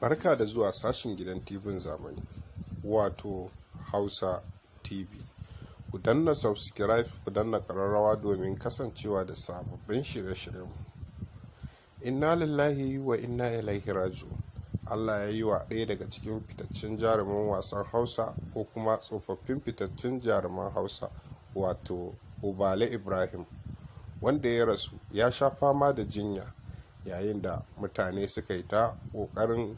barka da zuwa sashin gidan TV zamani wato hausa tv ku danna subscribe ku danna kararrawa domin kasancewa da sababbin shirye-shiryen inna lillahi wa inna ilaihi raju allah ya yi wa ɗaya daga cikin fitaccen jaruman wasan hausa ko kuma tsofaffin fitaccen jaruman hausa wato ubale ibrahim wanda ya rasu ya sha fama da jinya yayin da mutane suka yi ta ƙoƙarin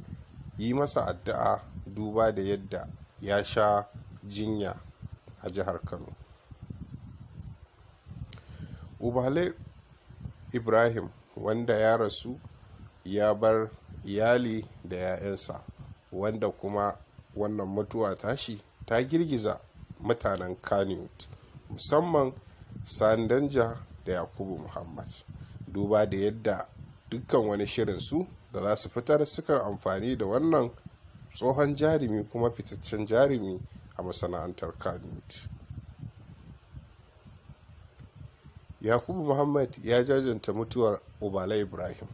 yi masa addu'a duba da yadda ya sha jinya a jihar kano ubale ibrahim wanda ya rasu ya bar iyali da 'ya'yansa wanda kuma wannan mutuwa tashi ta girgiza mutanen kaniwood musamman sandanja da yakubu muhammad duba da yadda dukkan wani shirin su da za su fitar sukan amfani da wannan tsohon jarumi kuma fitaccen jarumi a masana'antar kanut yakubu muhammad ya jajanta mutuwar obala ibrahim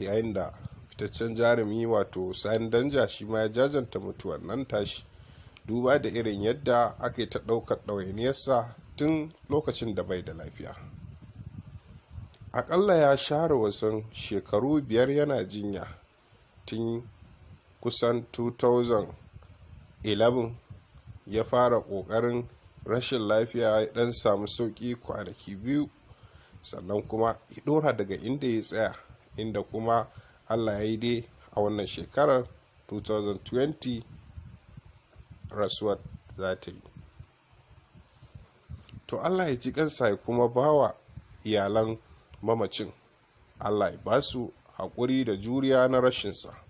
yayin da fitaccen jarumi wato sani danja shi ma ya jajanta mutuwar nan tashi duba da irin yadda ake ta ɗaukar ɗawainiyarsa tun lokacin da bai da lafiya akalla ya share wasan shekaru biyar yana jinya tun kusan 2011 ya fara ƙoƙarin rashin lafiya ya dan samu sauƙi kwanaki biyu sannan kuma ya ɗora daga inda ya tsaya inda kuma allah ya yi dai a wannan shekarar 2020 rasuwar za ta yi to allah ya ji kansa ya kuma bawa iyalan mamacin allah ya ba su haƙuri da juriya na rashinsa